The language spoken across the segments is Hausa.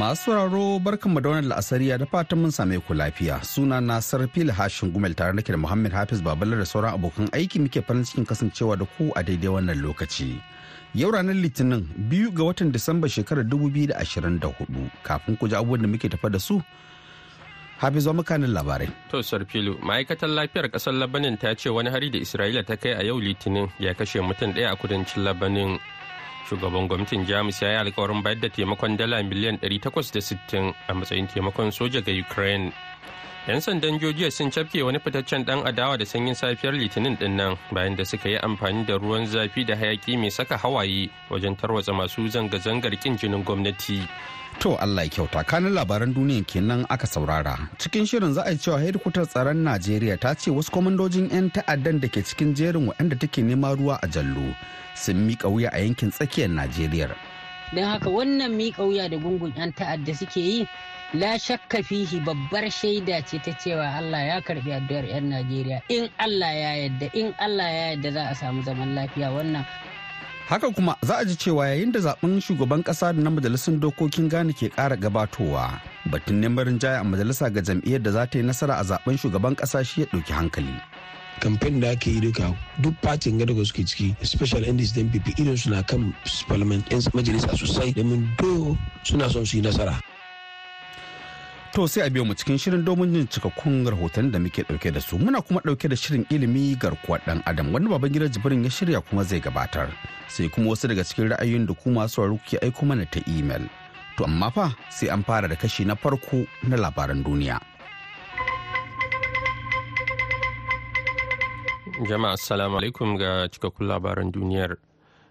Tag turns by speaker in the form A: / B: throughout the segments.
A: Masu sauraro barkan da wannan la'asariya da fatan mun same ku lafiya. Suna na Sarfil Hashin Gumel tare nake da Muhammad Hafiz Babalar da sauran abokan aiki muke farin cikin kasancewa da ku a daidai wannan lokaci. Yau ranar Litinin biyu ga watan Disamba shekarar 2024 kafin ku ji abubuwan da muke tafa da su Hafiz wa makanin labarai.
B: To Sarfilu, ma'aikatar lafiyar kasar Labanin ta ce wani hari da Isra'ila ta kai a yau Litinin ya kashe mutum ɗaya a kudancin Labanin. shugaban gwamnatin jamus ya yi alkawarin bayar da taimakon dala miliyan 860 a matsayin taimakon soja ga ukraine 'yan sandan georgia sun cafke wani fitaccen dan adawa da sanyin safiyar litinin din nan bayan da suka yi amfani da ruwan zafi da hayaki mai saka hawaye wajen tarwatsa masu zanga-zangar kin jinin gwamnati
A: To Allah ya kyauta kanin labaran duniya kenan aka saurara. Cikin shirin za a cewa hedikwatar tsaron Najeriya ta ce wasu kwamandojin 'yan ta'addan da ke cikin jerin waɗanda take nema ruwa a jallo sun miƙa wuya a yankin tsakiyar Najeriya.
C: Don haka wannan miƙa wuya da gungun 'yan ta'adda suke yi la shakka fihi babbar shaida ce ta cewa Allah ya karbi addu'ar 'yan Najeriya in Allah ya yadda in Allah ya yadda za a samu zaman lafiya wannan
A: haka kuma za a ji cewa yayin da zaben shugaban kasa da na majalisar dokokin gane ke kara gabatowa batun neman rinjaye a majalisa ga jam'iyyar da za ta yi nasara a zaben shugaban
D: kasa shi ya ɗauki hankali kamfen da ake yi duka duk fatin ga daga suke ciki special indies din pp irin suna kan parliament Majalisa sosai domin do suna son
A: su yi nasara To sai a biyo mu cikin shirin domin jin cikakkun rahoton da muke dauke da su. Muna kuma dauke da shirin ilimi garkuwar dan Adam wanda baban gidan Jibrin ya shirya kuma zai gabatar. Sai kuma wasu daga cikin ra'ayoyin da ku masu wari kuke aiko mana ta email. To amma fa sai an fara da kashi na farko na labaran duniya.
B: Jama'a assalamu alaikum ga cikakkun labaran duniyar.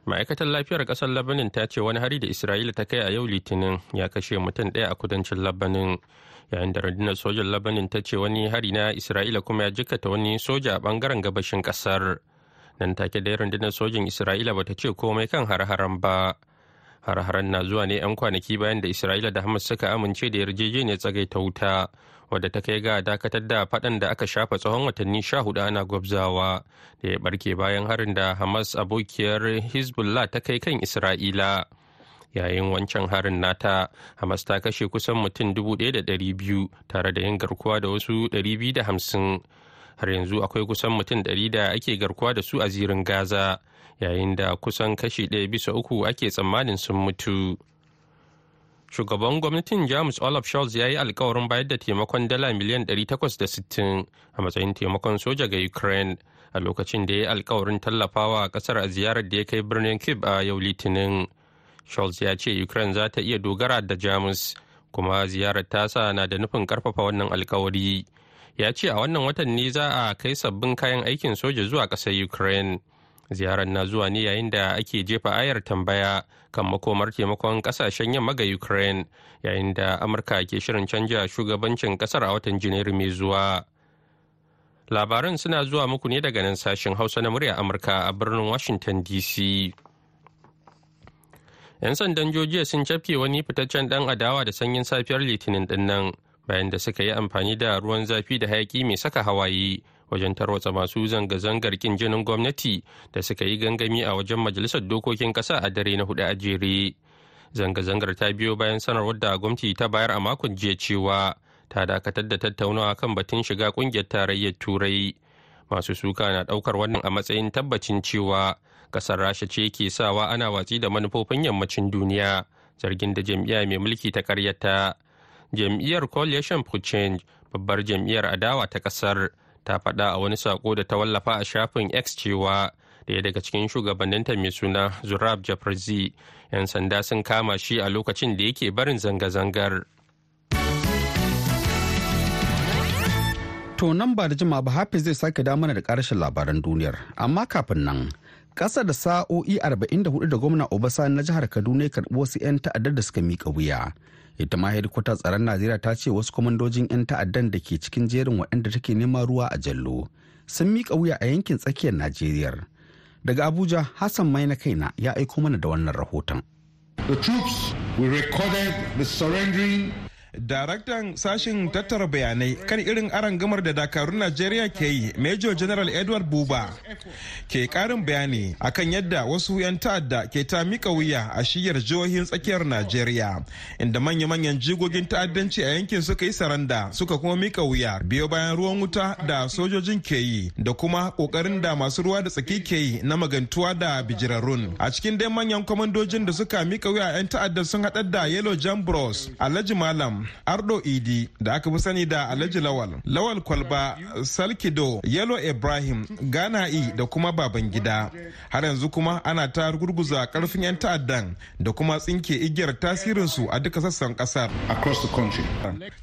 B: ma'aikatar lafiyar kasar labanin ta ce wani hari da isra'ila ta kai a yau litinin ya kashe mutum ɗaya a kudancin labanin yayin da rundunar sojan labanin ta ce wani hari na isra'ila kuma ya jikata wani soja a bangaren gabashin kasar nan take da rundunar sojan isra'ila bata ce komai kan har-haren ba har-haren na zuwa ne 'yan kwanaki bayan da isra'ila da hamas suka amince da yarjejeniyar tsagaita wuta wadda ta kai ga dakatar da faɗan da aka shafa tsawon watanni sha hudu ana gwabzawa da ya barke bayan harin da hamas abokiyar hezbollah ta kai kan isra'ila yayin wancan harin nata hamas ta kashe kusan mutum 1,200 tare da yin garkuwa da wasu 250 har yanzu akwai kusan mutum 100 da ake garkuwa da su a zirin gaza yayin da kusan kashi ɗaya bisa uku ake tsammanin sun mutu shugaban gwamnatin jamus olaf scholz ya yi alkawarin bayar da taimakon dala miliyan 860 a matsayin taimakon soja ga ukraine a lokacin da ya yi alkawarin tallafawa kasar a ziyarar da ya kai birnin kib a yau litinin Scholz ya ce Ukraine za ta iya dogara da Jamus kuma ziyarar tasa na da nufin karfafa wannan alkawari. Ya ce a wannan watan ne za a kai sabbin kayan aikin soja zuwa ƙasar Ukraine. Ziyarar na zuwa ne yayin da ake jefa ayar tambaya kan makomar taimakon ƙasashen yamma ga Ukraine yayin da Amurka ke shirin canja shugabancin ƙasar a watan Janairu mai zuwa. Labaran suna zuwa muku ne daga nan sashen Hausa na murya Amurka a birnin Washington DC. 'Yan sandan Jojiya sun cafke wani fitaccen ɗan adawa da sanyin safiyar Litinin dinnan bayan da suka yi amfani da ruwan zafi da hayaki mai saka hawaye wajen tarwatsa masu zanga-zangar kin jinin gwamnati da suka yi gangami a wajen majalisar dokokin ƙasa a dare na hudu a jere. Zanga-zangar ta biyo bayan sanarwar da gwamnati ta bayar a makon jiya cewa ta dakatar da tattaunawa kan batun shiga kungiyar tarayyar Turai. Masu suka na ɗaukar wannan a matsayin tabbacin cewa kasar rasha ce ke sawa ana watsi da manufofin yammacin duniya zargin da jam'iyya mai mulki ta karyata jam'iyyar coalition for change babbar jam'iyyar adawa ta kasar ta faɗa a wani sako da ta wallafa a shafin x cewa daya daga cikin shugabanninta mai suna zurab jafarzi 'yan sanda sun kama shi a lokacin da yake barin zanga-zangar
A: to nan ba da jima ba hafiz zai sake damar da karshen labaran duniyar amma kafin nan ƙasa da sa'o'i 44 da gwamna obasa na jihar kaduna ya karɓi wasu 'yan ta'addar da suka mika wuya ita ma hedikwatar tsaron najeriya ta ce wasu kwamandojin 'yan ta'addan da ke cikin jerin waɗanda take neman ruwa a jallo sun mika wuya a yankin tsakiyar najeriya daga abuja hassan mai na kaina ya aiko mana da wannan rahoton
E: the troops we recorded the surrendering Daraktan sashin tattara bayanai kan irin arangamar da dakarun Najeriya ke yi, Major General Edward Buba ke karin bayani akan yadda wasu 'yan ta'adda ke ta mika wuya a shiyar jihohin tsakiyar Najeriya, inda manya-manyan jigogin ta'addanci a yankin suka yi saranda suka kuma mika wuya biyo bayan ruwan wuta da sojojin ke yi da kuma kokarin da masu ruwa da tsaki ke yi na magantuwa da bijirarrun. A cikin dai manyan kwamandojin da suka mika wuya 'yan ta'adda sun haɗar da Yellow bros, Alhaji Malam, Ardo Idi da aka fi sani da Alhaji Lawal, Lawal Kwalba, Salkido, Yalo Ibrahim, Gana'i da kuma Babangida. Har yanzu kuma ana ta gurguza karfin 'yan ta'addan da kuma tsinke igiyar tasirinsu a duka sassan kasar.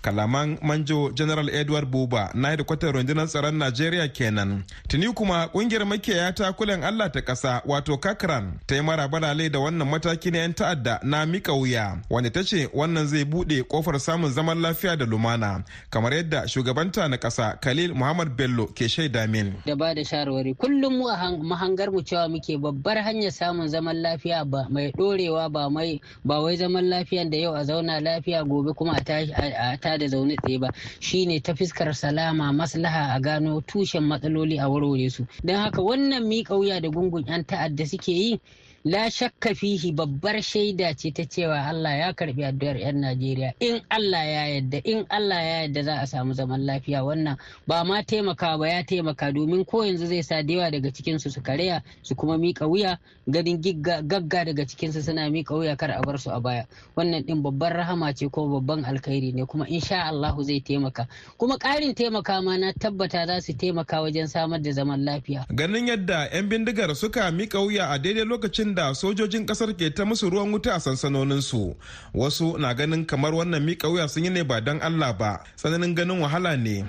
E: Kalaman Manjo General Edward Buba na hedikwatar rundunar tsaron Najeriya kenan. Tuni kuma kungiyar makiyaya ta kulen Allah ta kasa wato Kakran ta yi mara balale da wannan mataki na 'yan ta'adda na mika wuya wanda ta ce wannan zai buɗe kofar samun zaman lafiya da lumana kamar yadda shugabanta na ƙasa khalil muhammad bello ke shaida min
C: da ba da shawarwari kullum mu a mahangar mu cewa muke babbar hanyar samun zaman lafiya ba mai dorewa ba mai ba wai zaman lafiya da yau a zauna lafiya gobe kuma a ta da zaune tsaye ba shine ta fiskar salama maslaha a gano tushen matsaloli a warware su don haka wannan miƙa wuya da gungun 'yan ta'adda suke yi la shakka fihi babbar shaida ce ta cewa Allah ya karbi addu'ar 'yan Najeriya in Allah ya yadda in Allah ya yadda za a samu zaman lafiya wannan ba ma taimaka ba ya taimaka domin ko yanzu zai sa yawa daga cikin su su karya su kuma mika wuya ganin gagga daga cikin su suna mika wuya kar a bar su a baya wannan din babbar rahama ce ko babban alkhairi ne kuma insha Allahu zai taimaka kuma ƙarin taimaka ma na tabbata za su taimaka wajen samar da zaman lafiya
E: ganin yadda 'yan bindigar suka mika wuya a daidai lokacin da sojojin kasar ke ta musu ruwan wuta a sansanoninsu wasu na ganin kamar wannan miƙa wuya sun yi ne ba don allah ba tsananin ganin wahala ne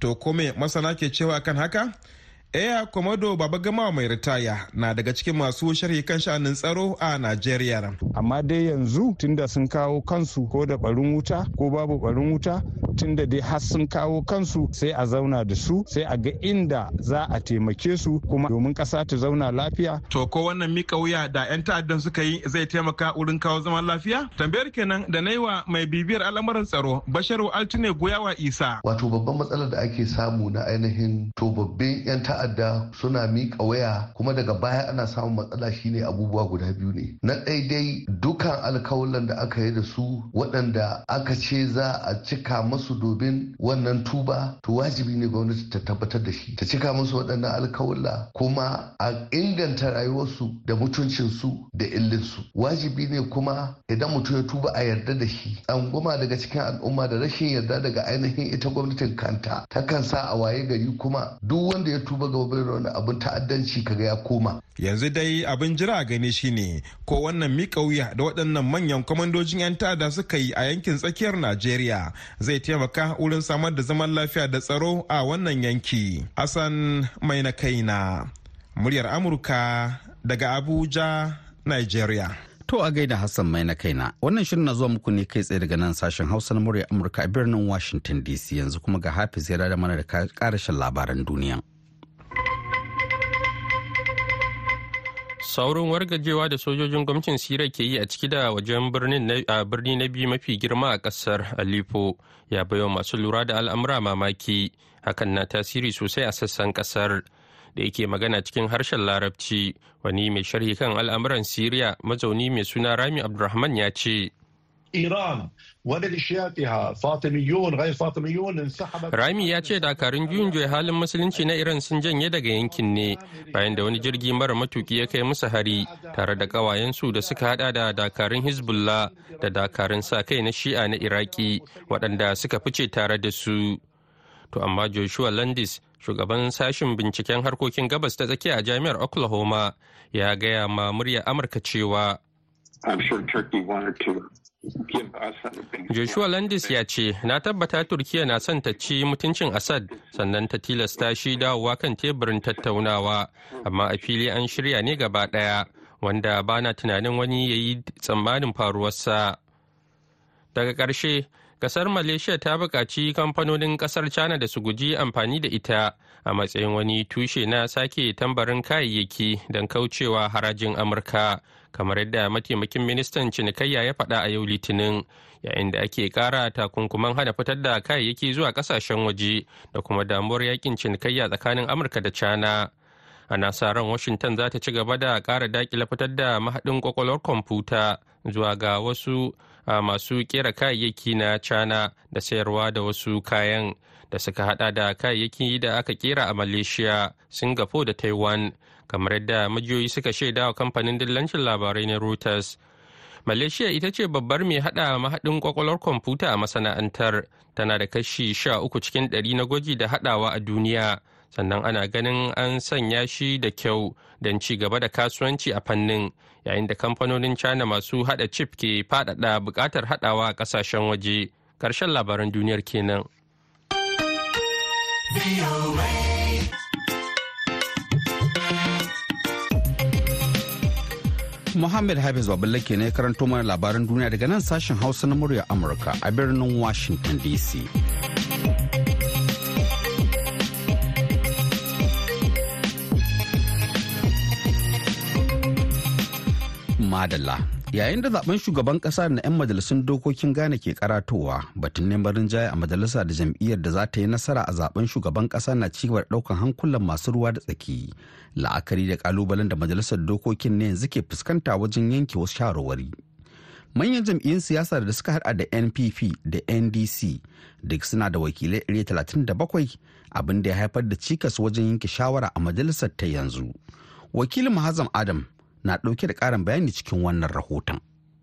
E: to kome masana ke cewa kan haka Eya Komodo Babagama mai ritaya na daga cikin masu sharhi kan sha'anin tsaro a Najeriya. Amma dai yanzu tunda sun kawo kansu ko da barin wuta ko babu barin wuta tunda dai har sun kawo kansu sai a zauna da su sai a ga inda za a taimake su kuma domin kasa ta zauna lafiya. To ko wannan mika wuya da 'yan ta'addan suka yi zai taimaka wurin kawo zaman lafiya? Tambayar kenan da na wa mai bibiyar al'amuran tsaro Basharu Altine Goyawa Isa.
F: Wato babban matsalar da ake samu na ainihin to babban 'yan ta'addan ta'adda suna miƙa waya kuma daga baya ana samun matsala shine abubuwa guda biyu ne na daidai dukan alkawulan da aka yi da su waɗanda aka ce za a cika masu domin wannan tuba to wajibi ne gwamnati ta tabbatar da shi ta cika masu waɗannan alkawulla kuma a inganta rayuwarsu da mutuncinsu da illinsu wajibi ne kuma idan mutum ya tuba a yarda da shi tsangwama daga cikin al'umma da rashin yarda daga ainihin ita gwamnatin kanta takan sa a waye gari kuma duk wanda ya tuba ga da wani abin ta'addanci kaga ya koma
E: yanzu dai abin jira gani shine ko wannan mika wuya da waɗannan manyan kwamandojin 'yan ta'adda suka yi a yankin tsakiyar najeriya zai taimaka wurin samar da zaman lafiya da tsaro a wannan yanki asan mai na kaina muryar amurka daga abuja nigeria To a gaida Hassan mai na kai na wannan shirin na zuwa muku ne kai tsaye daga
A: nan sashen Hausa na murya Amurka a birnin Washington DC yanzu kuma ga hafi ya da mana da karashin labaran duniya.
B: saurin wargajewa da sojojin gwamnatin sira ke yi a ciki da wajen birni na biyu mafi girma a kasar alifo ya bayo masu lura da al'amura mamaki hakan na tasiri sosai a sassan kasar da yake magana cikin harshen larabci wani mai sharhi kan al'amuran siriya mazauni mai suna rami abdulrahman ya ce Iran Rami ya ce dakarun juyin juya halin musulunci na Iran sun janye daga yankin ne bayan da wani jirgi mara matuki ya kai musu hari tare da kawayensu da suka hada da dakarun Hezbollah da dakarun sa kai na Shi'a na Iraki waɗanda suka fice tare da su. To amma Joshua Landis shugaban sashen binciken harkokin gabas ta tsakiya a jami'ar Oklahoma ya gaya ma murya Amurka cewa I'm sure Turkey wanted to Joshua Landis ya ce, Na tabbata Turkiyya na son ta ci mutuncin Assad sannan ta tilasta shi dawowa kan teburin tattaunawa, amma a fili an shirya ne gaba ɗaya, wanda bana tunanin wani ya yi tsammanin faruwarsa. Daga ƙarshe, ƙasar Malaysia ta buƙaci kamfanonin ƙasar China da su guji amfani da ita a matsayin wani tushe na sake tambarin kayayyaki don kaucewa harajin Amurka. kamar yadda mataimakin ministan cinikayya ya faɗa a yau litinin yayin da ake ƙara takunkuman hana fitar da kayayyaki zuwa ƙasashen waje da kuma damuwar yakin cinikayya tsakanin amurka da china a nasa ran washington za ta ci gaba da ƙara daƙila fitar da mahaɗin kwakwalwar kwamfuta zuwa ga wasu a masu kera kayayyaki na china da sayarwa da wasu kayan da suka hada da kayayyaki da aka kera a malaysia singapore da taiwan kamar yadda majiyoyi suka shaida wa kamfanin dillancin labarai na reuters malaysia ita ce babbar mai hada mahadin kwakwalwar kwamfuta a masana'antar tana da kashi sha uku cikin ɗari na gwaji da hadawa a duniya sannan ana ganin an sanya shi da kyau don ci gaba da kasuwanci a fannin yayin da kamfanonin china masu hada chip ke fadada buƙatar hadawa a ƙasashen waje karshen labaran duniyar kenan.
A: Muhammad Hafiz ke ne karanto mana labaran duniya daga nan sashen Hausa na murya Amurka a birnin Washington DC. Madalla. yayin da zaben shugaban kasa na 'yan majalisun dokokin ghana ke karatowa batun neman rinjaye a majalisa da jam'iyyar da za ta yi nasara a zaben shugaban kasa na ci gaba daukan hankulan masu ruwa da tsaki la'akari da kalubalen da majalisar dokokin ne yanzu ke fuskanta wajen yanke wasu shawarwari manyan jam'iyyun siyasa da suka hada da npp da ndc duk suna da wakilai bakwai abin da ya haifar da cikas wajen yanke shawara a majalisar ta yanzu wakilin mahazam adam na
D: ɗauke da ƙarin bayani cikin wannan rahoton.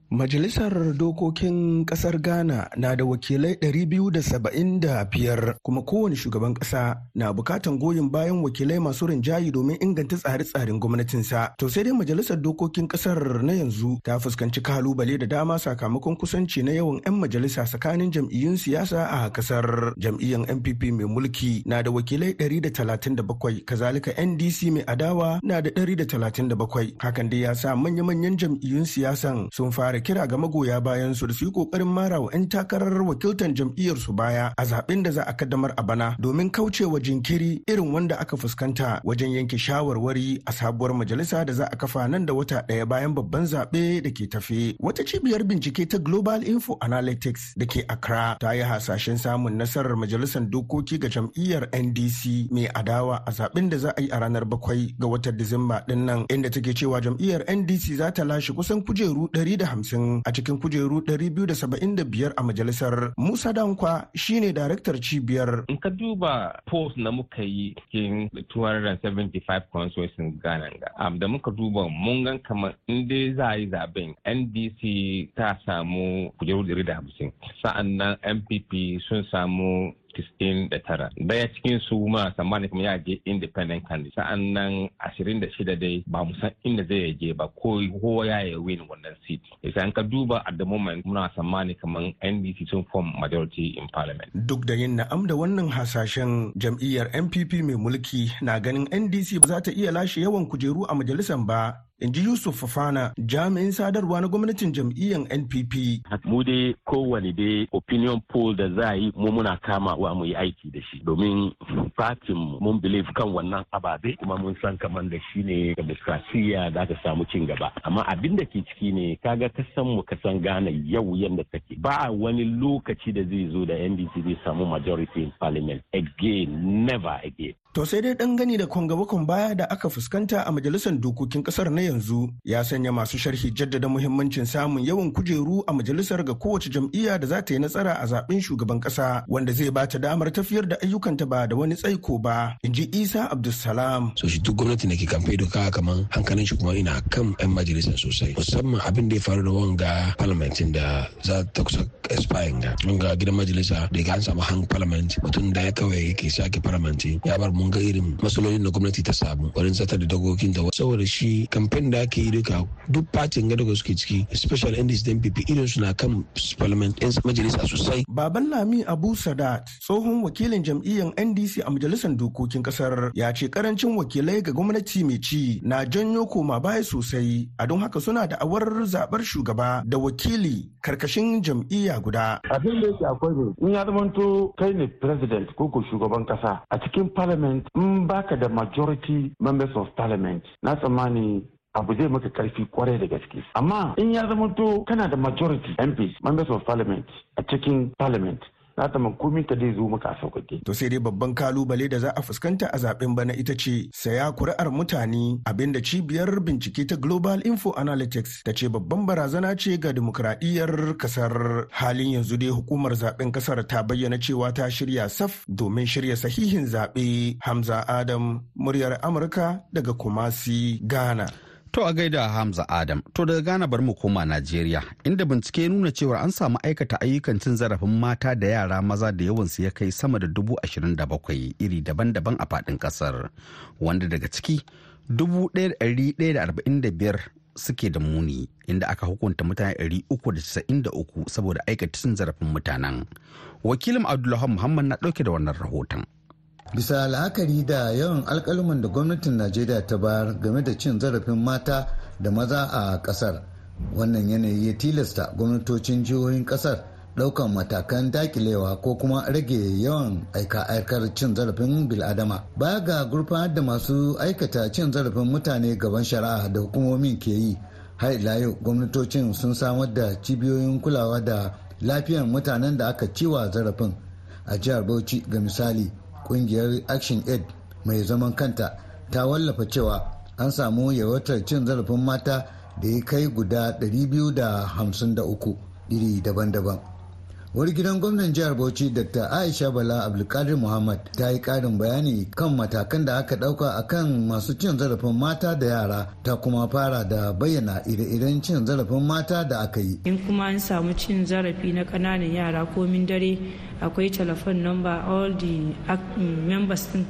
D: Majalisar Dokokin Ƙasar Ghana na da wakilai 275 kuma kowane shugaban ƙasa na bukatan goyon bayan wakilai masu rinjayi domin inganta tsare-tsaren gwamnatinsa. To sai dai Majalisar Dokokin Ƙasar na yanzu ta fuskanci kalubale da dama sakamakon kusanci na yawan 'yan majalisa tsakanin jam'iyyun siyasa a ƙasar. Jam'iyyar NPP mai mulki na da wakilai 137, kazalika NDC mai adawa na da 137. Hakan dai ya sa manya-manyan jam'iyyun siyasan sun fara da kira ga magoya bayan su da su yi kokarin mara wa 'yan takarar wakiltar jam'iyyar su baya a zaɓen da za a kaddamar a bana domin kaucewa jinkiri irin wanda aka fuskanta wajen yanke shawarwari a sabuwar majalisa da za a kafa nan da wata ɗaya bayan babban zaɓe da ke tafe. Wata cibiyar bincike ta Global Info Analytics da ke Accra ta yi hasashen samun nasarar majalisar dokoki ga jam'iyyar NDC mai adawa a zaɓen da za a yi a ranar bakwai ga watan Disamba ɗin nan inda take cewa jam'iyyar NDC za ta lashe kusan kujeru 150 hamsin a cikin kujeru biyar a majalisar musa dankwa shine daraktar cibiyar in ka
B: duba post na muka yi cikin 275 constituencies ghana da muka duba mun gan kamar in dai za a yi zaben ndc ta samu kujeru 150 sa'an nan mpp sun samu tara daya cikin su ma tsammani kuma ya je independent candidate sa'an nan shida dai ba mu san inda zai je ba ko kowa ya yi win wannan seat isa an ka duba at the moment muna tsammani kamar NDC sun form majority in parliament
D: duk da yin na'am da wannan hasashen jam'iyyar NPP mai mulki na ganin NDC ba za ta iya lashe yawan kujeru a majalisar ba in ji Yusuf Fafana jami'in sadarwa na gwamnatin jam'iyyar NPP.
G: Mu dai kowane dai opinion poll da za a yi mu muna kama wa mu yi aiki da shi domin fatin mun believe kan wannan ababe kuma mun san kamar da shi ne demokrasiyya za ta samu cin gaba. Amma abin da ke ciki ne kaga kasan mu ka san Ghana yau yadda take ba wani lokaci da zai zo da NDC zai samu majority in parliament again never again.
D: To sai dai dan gani da kwangaba baya da aka fuskanta a majalisar dokokin kasar na yanzu ya sanya masu sharhi jaddada muhimmancin samun yawan kujeru a majalisar ga kowace jam'iyya da za ta yi nasara a zaben shugaban kasa wanda zai ba ta damar tafiyar da ayyukanta ba da wani tsaiko ba in ji isa abdulsalam so shi duk gwamnati na ke kamfe da kaka kaman hankalin shi kuma ina kan yan majalisar sosai musamman abin da ya faru da wanga parliamentin da za ta kusa expiring ga wanga gidan majalisa da ya samu hang parliament mutum da ya kawai yake sake parliament ya bar mun ga irin masalolin da gwamnati ta samu wurin zata da dogokin da saboda shi kamfe kan da aka yi duka duk fatin ga daga suke ciki special indies din pp irin su na kan parliament ɗin majalisa sosai baban lami abu sadat tsohon wakilin jam'iyyar ndc a majalisar dokokin kasar ya ce karancin wakilai ga gwamnati mai ci na janyo koma baya sosai a don haka suna da awar zabar shugaba da wakili karkashin jam'iyya guda
G: abin da yake akwai ne in ya zamanto kai ne president ko ko shugaban kasa a cikin parliament in baka da majority members of parliament na tsammani abu zai maka karfi kwarai da gaske amma in ya zama to kana da majority MPs members of parliament
D: a cikin parliament na ta makomi ka zai zo maka sauƙaƙe. To sai dai babban kalubale da za a fuskanta a zaben bana ita ce saya kuri'ar mutane abinda cibiyar bincike ta Global Info Analytics ta ce babban barazana ce ga demokradiyyar kasar halin yanzu dai hukumar zaɓen kasar ta bayyana cewa ta shirya saf domin shirya sahihin zaɓe Hamza Adam muryar Amurka daga Kumasi Ghana. To a gaida
A: Hamza Adam, to daga gana bar mu koma Najeriya, inda bincike ya nuna cewa an samu aikata ayyukan cin zarafin mata da yara maza da yawansu ya kai sama da dubu ashirin da bakwai iri daban-daban a faɗin ƙasar, wanda daga ciki dubu ɗaya da arba'in da biyar suke da muni, inda aka hukunta mutane uku da casa'in da uku saboda aikata cin zarafin mutanen. Wakilin Abdullahi Muhammad na ɗauke da wannan rahoton. bisa la'akari
F: da yawan alkalman da gwamnatin najeriya ta bayar game da cin zarafin mata da maza a kasar wannan yanayi ya tilasta gwamnatocin jihohin kasar daukan matakan dakilewa ko kuma rage yawan aika-aikar cin zarafin biladama baya ga gurfanar da masu aikata cin zarafin mutane gaban shari'a da hukumomin ke yi har ila yau gwamnatocin sun samar da cibiyoyin kulawa da lafiyar mutanen da aka ciwa zarafin a jihar bauchi ga misali kungiyar action aid mai zaman kanta ta wallafa cewa an samu yawatar cin zarafin mata da ya kai guda 253 iri daban-daban wani gidan gwamnan jihar bauchi dr aisha bala abdulkadir muhammad ta yi karin bayani kan matakan da aka dauka kan masu cin zarafin mata da yara ta kuma fara da bayyana ire-iren cin zarafin mata da aka yi
H: in kuma an samu cin zarafi na kananan yara komin dare akwai telefon number all the members din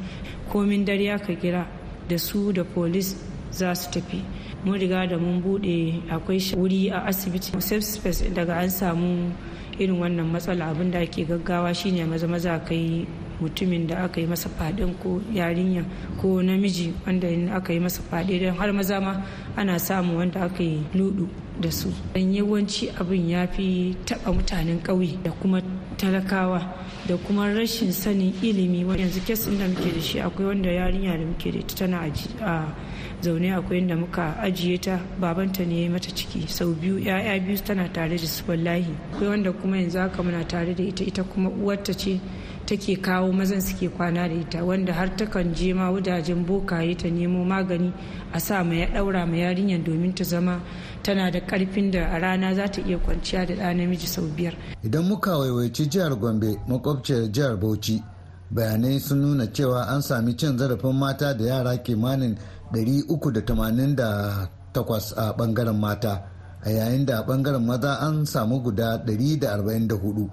H: komin dare aka kira da su da police za su tafi mun riga da mun bude akwai wuri a asibiti safe space daga an samu irin wannan matsala abin da ake gaggawa shine maza maza ka yi mutumin da aka yi masa fadin ko yarinya ko namiji wanda aka yi masa fadi don har maza ma ana samu wanda aka yi ludu da su dan yawanci abin ya fi taba mutanen ƙauye da kuma talakawa da kuma rashin sanin ilimi yanzu kesin da muke da shi akwai wanda yarinya da muke da tana a zaune akwai inda muka ajiye ta babanta ne ya mata ciki sau biyu ya'ya biyu tana tare da su wallahi akwai wanda kuma yanzu haka muna tare da ita ita kuma uwarta ce take kawo mazan suke kwana da ita wanda har takan je ma wajajen bokaye ta nemo magani a sa ma ya daura ma yarinyar domin ta zama tana da karfin da a rana za ta iya kwanciya da ɗa namiji sau biyar. Idan muka
F: waiwaici jihar Gombe makwabciyar jihar Bauchi bayanai sun nuna cewa an sami cin zarafin mata da yara kimanin 388 a bangaren mata a yayin da bangaren maza an samu guda 144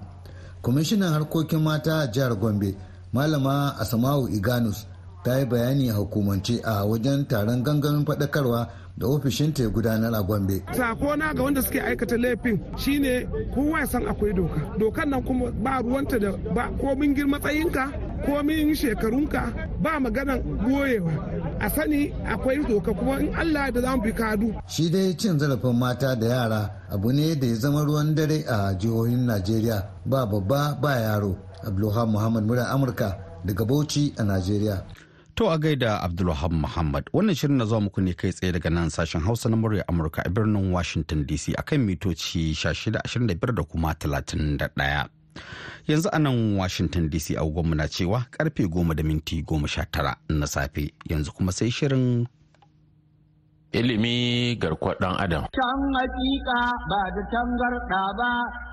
F: kwamishinan harkokin mata a jihar gombe malama asma'u iganus ta yi bayani a hukumance a wajen taron gangamin faɗakarwa da ofishinta ya gudanar
E: a Gombe. Sakona ga wanda suke aikata laifin shine kowa ya san akwai doka. Dokan nan kuma ba ruwanta da ba komin girma matsayinka komin shekarunka ba maganan goyewa a sani akwai doka kuma in Allah da za mu bi kadu. Shi dai
F: cin zarafin mata da yara abu ne da ya zama ruwan dare a jihohin Najeriya ba babba ba yaro. Abdulhamu Muhammad murar Amurka daga Bauchi a Najeriya.
A: To a gaida Abdulwahab Muhammad wannan shirin na zuwa muku ne kai tsaye daga nan sashen Hausa na murya Amurka a birnin Washington DC akan mitoci 1625 da kuma 31. Yanzu a nan Washington DC agogonmu na cewa karfe 10 da minti 19 na safe yanzu kuma sai shirin ilimi garkuwar
G: ɗan adam.
F: Can hakika ba da tangarɗa ba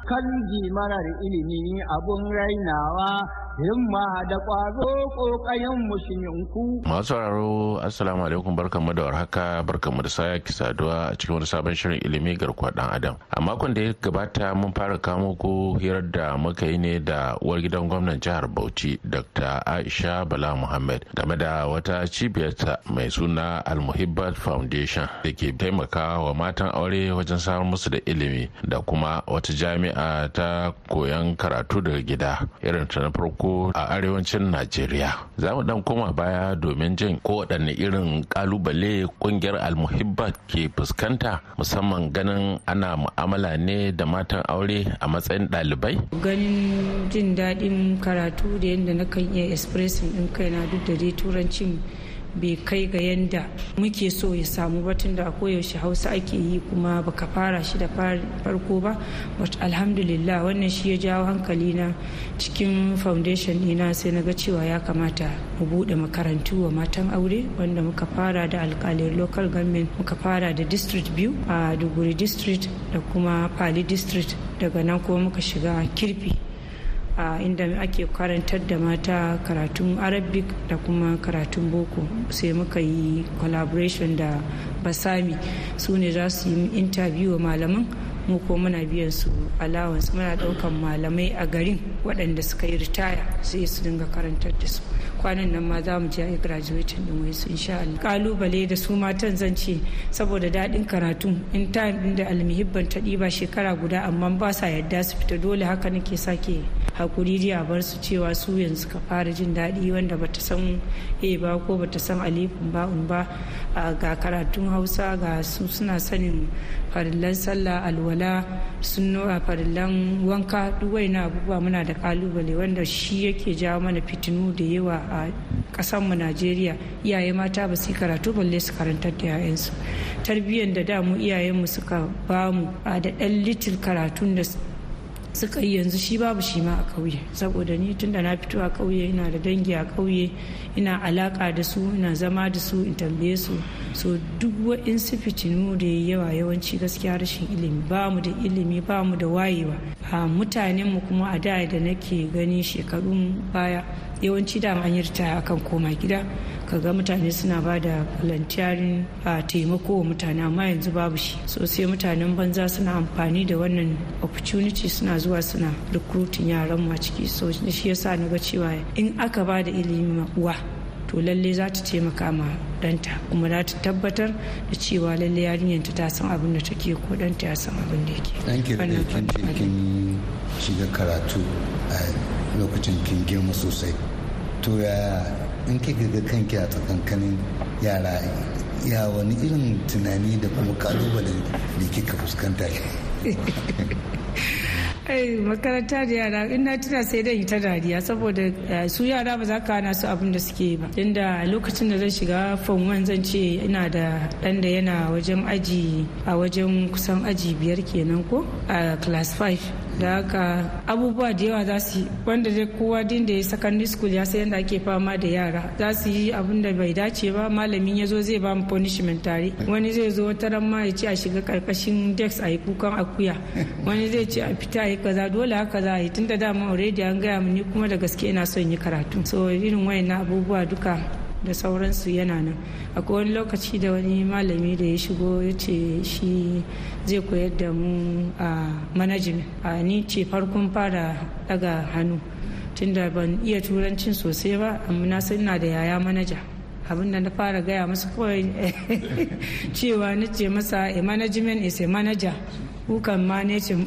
F: kan marar ilimi abun rainawa himma da ƙwazo ƙoƙayen mushinku.
G: Masu sauraro Assalamu alaikum barka da warhaka mu da sake saduwa a cikin wani sabon shirin ilimi garkuwa ɗan adam. A makon da ya gabata mun fara kamo ko hirar da muka yi ne da uwar gidan gwamnan jihar Bauchi Dr. Aisha Bala Muhammad game da wata cibiyarta mai suna Almuhibbat Foundation da ke taimakawa matan aure wajen samar musu da ilimi da kuma wata jami'a ta koyon karatu daga gida irin ta na farko farko a arewacin najeriya za mu dan koma baya domin jin kowaɗanne irin kalubale kungiyar almuhibba ke fuskanta musamman ganin ana mu'amala ne da matan aure a matsayin ɗalibai
H: ganin jin daɗin karatu da yadda na kan iya expressing ɗin kaina duk da dai turancin bai kai ga yanda muke so ya samu ba tunda a koyaushe hausa ake yi kuma baka fara shi da farko ba but alhamdulillah wannan shi ya jawo hankali na cikin foundation ina sai na ga cewa ya kamata mu bude makarantu wa matan aure wanda muka fara da alkalin local government muka fara da district biyu a duguri district da kuma pali district daga nan kuma muka shiga kirfi a inda ake karantar da mata karatun arabic da kuma karatun boko sai muka yi collaboration da basami su ne za su yi interview wa malaman mu ko muna biyan su allowance muna daukan malamai a garin waɗanda suka yi ritaya sai su dinga karantar da su kwanan nan ma za mu je a graduate din wai su insha Allah kalubale da su matan zan ce saboda daɗin karatu in ta da almihibban ta ɗiba shekara guda amma ba sa yadda su fita dole haka nake sake hakuri dai a bar su cewa su yanzu ka fara jin daɗi wanda bata san e ba ko bata san alifin ba un ba ga karatun hausa ga su suna sanin farillan sallah alwala sunno farillan wanka duk na abubuwa muna da kalubale wanda shi yake jawo mana fitinu da yawa a kasanmu najeriya iyaye mata ba su karatu balle su karantar da 'ya'yansu tarbiyyar da damu iyayenmu suka bamu a da ɗan little karatun da suka yi yanzu shi babu shi ma a ƙauye saboda ni tunda na fito a ƙauye ina da dangi a ƙauye ina alaka da su ina zama da su in tambaye su so duk su fitinu da yawa yawanci gaskiya rashin ilimi ba mu da ilimi ba mu da wayewa a mutanenmu kuma a da da nake gani shekarun baya yawanci da an yi ritaya akan koma gida kaga mutane suna ba da volunteering a taimako wa mutane amma yanzu babu shi sosai mutanen banza suna amfani da wannan opportunity suna zuwa suna recruiting yaran ma ciki so shi yasa na ga cewa in aka ba da ilimi uwa to lalle za ta taimaka ma danta kuma za ta tabbatar da cewa lalle yarinyar ta san abin da take ko danta ya san abin da yake.
F: Ɗan kirkin shiga karatu eh, lokacin kin girma sosai to ya in kika ga kanki a tsakankanin yara ya wani irin tunani da kuma kalubale da kika fuskanta
H: ai makaranta da yara in na tuna sai dan ta dariya saboda eh, su yara ba za ka hana su abin da suke ba inda lokacin da zan shiga fom zan ce ina da dan da yana wajen aji a wajen kusan aji biyar kenan ko a class 5 da haka abubuwa da yawa za su wanda dai kowa din da ya secondary school ya san yadda ake fama da yara za su yi abin da bai dace ba malamin ya zo zai ba mu punishment tare wani zai zo wata ran ma ya ce a shiga karkashin dex a yi kukan akuya wani zai ce a fita a yi kaza dole haka za a yi tun da dama already an gaya mu ni kuma da gaske ina son yi karatu so irin wayannan abubuwa duka da sauransu yana nan akwai wani lokaci da wani malami da ya shigo ya ce shi zai koyar da mu a management a ni ce farkon fara daga hannu tunda ban iya turancin sosai ba amma na san ina da yaya manaja abin da na fara gaya masu kawai cewa na ce masa a management is a manager who can money in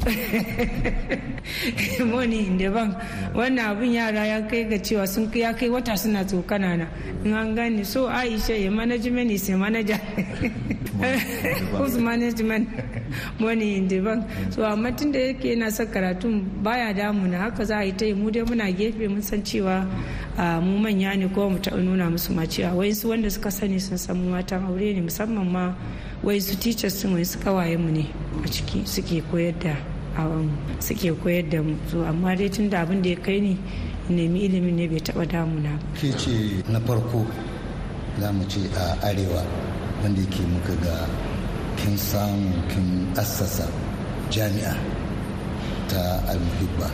H: the bank wannan abun yara ya kai ga cewa sun ya kai wata suna tsokana na in an gani so aisha ya management is a manager who's management money in the bank so amma tun da yake yana son karatun baya damuna haka za a yi ta yi mu dai muna gefe mun san cewa mu manya ne ko mu ta nuna musu ma cewa wai su wanda suka sani sun san mu matan aure ne musamman ma wai su teachers sun wai su mu ne a ciki suke koyar da suke koyar da mu amma dai tun da abin da ya kai ni nemi ilimin ne bai taba damuna
F: ke ce na farko za mu ce a arewa wanda yake muka ga kin samu kin assasa jami'a ta almuhibba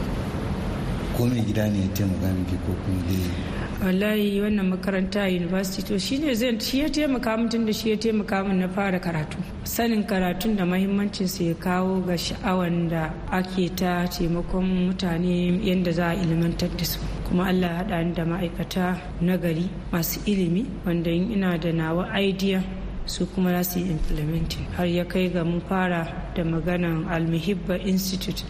F: ko mai gida ne ya taimaka miki ko kuma dai
H: wallahi wannan makaranta university to ne zai shi ya taimaka mutum da shi ya taimaka min na fara karatu sanin karatun da mahimmancin su ya kawo ga sha'awan da ake ta taimakon mutane yadda za a ilmantar da su kuma allah ya haɗa ni da ma'aikata na gari masu ilimi wanda in ina da nawa idea su kuma za su yi implementing har ya kai ga mun fara da maganan almuhibba institute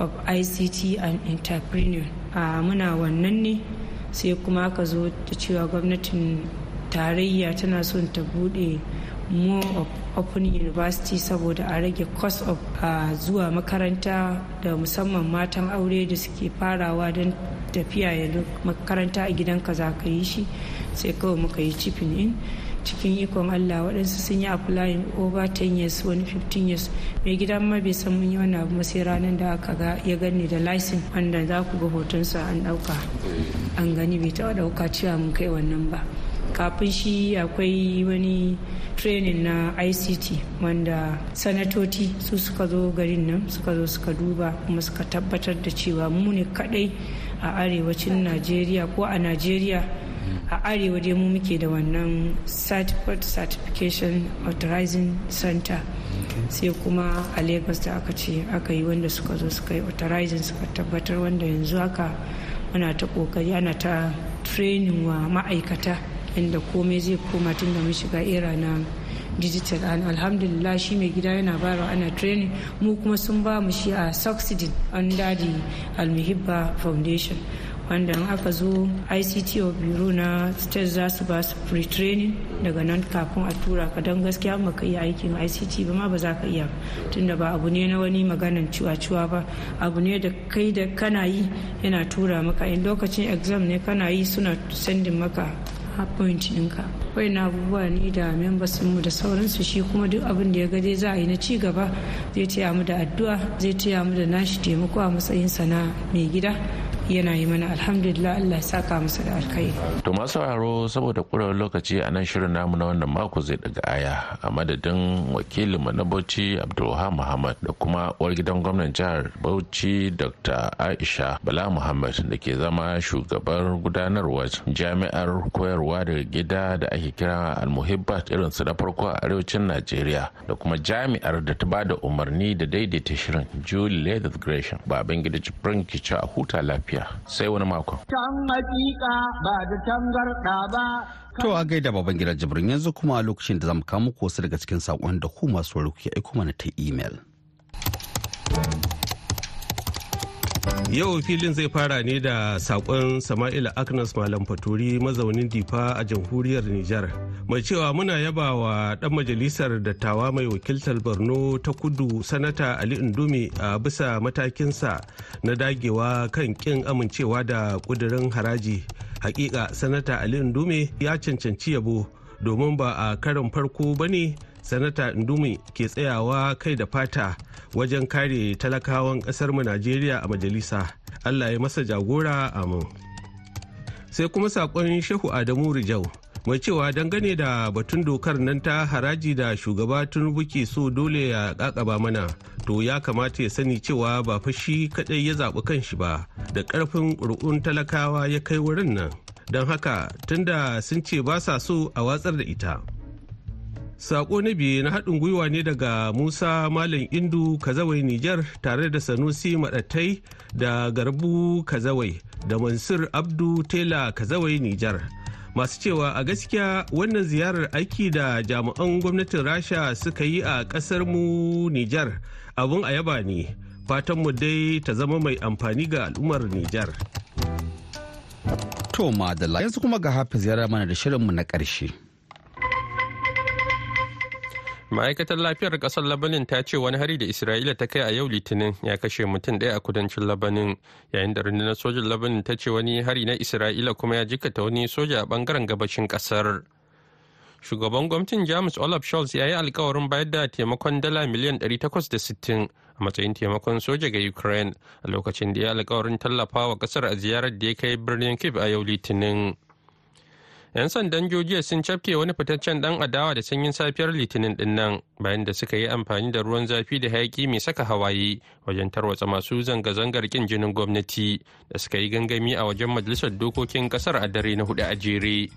H: of ict and entrepreneur a muna wannan ne sai kuma aka zo ta cewa gwamnatin tarayya tana son ta bude more of open university saboda a rage cost of zuwa makaranta da musamman matan aure da suke farawa don tafiya yanzu makaranta a gidan ka za ka yi shi sai kawai muka yi chipping in cikin ikon allah waɗansu sun yi applying over 10 years wani 15 years mai gidan ma bai san mun yi wani abu sai ranar da aka ga ya gani da license wanda za ku ga hotonsa an ɗauka an gani bai taɓa ɗauka cewa mun kai wannan ba kafin shi akwai wani training na ict wanda sanatoci su suka zo garin nan suka zo suka duba kuma suka tabbatar da cewa mu ne kadai a arewacin najeriya ko a najeriya a arewa dai mu muke da wannan certificate certification authorizing center sai kuma a lagos da aka ce aka yi wanda suka zo suka yi authorizing suka tabbatar wanda yanzu haka muna ta kokari ana ta training wa ma'aikata inda komai zai koma tun da mun shiga era na digital and alhamdulillah shi mai gida yana bara ana training mu kuma sun ba mu shi a subsidy under the almihibba foundation wanda in aka zo ict of biro na state za su ba su free training daga nan kafin a tura ka don gaskiya ba ka iya aikin ict ba ma ba za ka iya tunda ba abu ne na wani maganan ciwa-ciwa ba abu ne da kai da kana yi yana tura maka in lokacin exam ne kana yi suna sendin maka point ɗinka wai na abubuwa ne da members mu da sauransu shi kuma duk abin da ya ga dai za a yi na ci gaba zai taya mu da addu'a zai taya mu da nashi taimako a matsayin sana mai gida yana yi mana alhamdulillah Allah ya saka musu da alkai.
G: To masu sauraro saboda kurar lokaci a nan shirin namu na wannan mako zai daga aya a madadin wakilin mu na Bauchi Abdulwahab Muhammad da kuma uwar gidan gwamnan jihar Bauchi Dr. Aisha Bala Muhammad da ke zama shugabar gudanarwa jami'ar koyarwa da gida da ake kira Almuhibbat irin su na farko a arewacin Najeriya da kuma jami'ar da ta bada umarni da daidaita shirin Julie Leather Gresham baban gida Jibrin Kicha a huta lafiya. lafiya sai wani mako.
F: Can hakika ba da tangarɗa ba.
A: To a gaida baban gidan jibrin yanzu kuma a lokacin da zamu kawo muku wasu daga cikin saƙon da ku masu ku ke aiko mana ta imel. Yau filin
I: zai fara ne da sakon Sama'ila Agnes Malam Faturi mazaunin Difa a jamhuriyar Nijar. Mai cewa muna yaba wa ɗan majalisar dattawa mai wakiltar Borno ta kudu Sanata Ali Indumi a bisa matakinsa na dagewa kan kin amincewa da kudurin haraji. Hakika Sanata Ali Indumi ya cancanci yabo domin ba a karin farko ba ne sanata ndumi ke tsayawa kai da fata wajen kare talakawan mu najeriya a majalisa allah ya masa jagora amin sai kuma sakon shehu adamu rijau mai cewa dangane da batun dokar nan ta haraji da shugaba tun buke so dole ya kakaba mana to ya kamata ya sani cewa ba fashi kadai ya zaɓi kanshi ba da ƙarfin ƙuri'un talakawa ya kai wurin nan don haka tunda sun ce ba sa so a watsar da ita Sako na biyu na haɗin gwiwa ne daga Musa Malam Indu Kazawai Nijar tare da Sanusi Maɗatai da Garbu Kazawai da Mansur Abdu Tela Kazawai Nijar. Masu cewa a gaskiya wannan ziyarar aiki da jami'an gwamnatin Rasha suka yi a ƙasar mu Nijar abin a yaba ne. Fatanmu dai ta zama mai amfani ga al'ummar
A: Nijar. To yanzu kuma ga hafi ziyarar mana da shirinmu na ƙarshe.
B: ma'aikatar lafiyar kasar labanin ta ce wani hari da isra'ila ta kai a yau litinin ya kashe mutum ɗaya a kudancin labanin yayin da rundunar sojin labanin ta ce wani hari na isra'ila kuma ya jikata wani soja a bangaren gabashin kasar shugaban gwamnatin jamus olaf scholz ya yi alkawarin bayar da taimakon dala miliyan 860 a matsayin taimakon soja ga ukraine a lokacin da ya alkawarin tallafa wa kasar a ziyarar da ya kai birnin kiev a yau litinin 'yan sandan jojiya sun cafke wani fitaccen dan adawa da sanyin safiyar litinin din bayan da suka yi amfani da ruwan zafi da hayaki mai saka hawaye wajen tarwatsa masu zanga-zangar kin jinin gwamnati da suka yi gangami a wajen majalisar dokokin kasar a dare na hudu a jere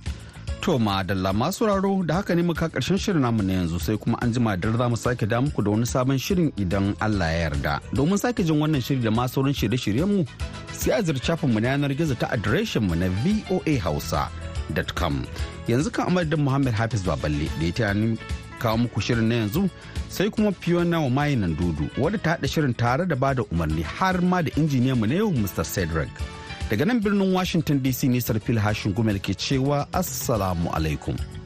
B: to
A: madalla masu raro da haka ne muka karshen shirin namu na yanzu sai kuma an jima da za mu sake da muku da wani sabon shirin idan Allah ya yarda domin sake jin wannan shiri da ma shirye shirye mu sai a zircafin mu na yanar gizo ta adireshin mu na voa hausa hausa.com yanzu kan amadin muhammad hafiz baballe da ya tayani kawo muku shirin na yanzu sai kuma fiona wa mayinan dudu wadda ta haɗa shirin tare da bada umarni har ma da injiniya mu na yau mr cedric daga nan birnin washington dc ne sarfil hashin gumel ke cewa assalamu alaikum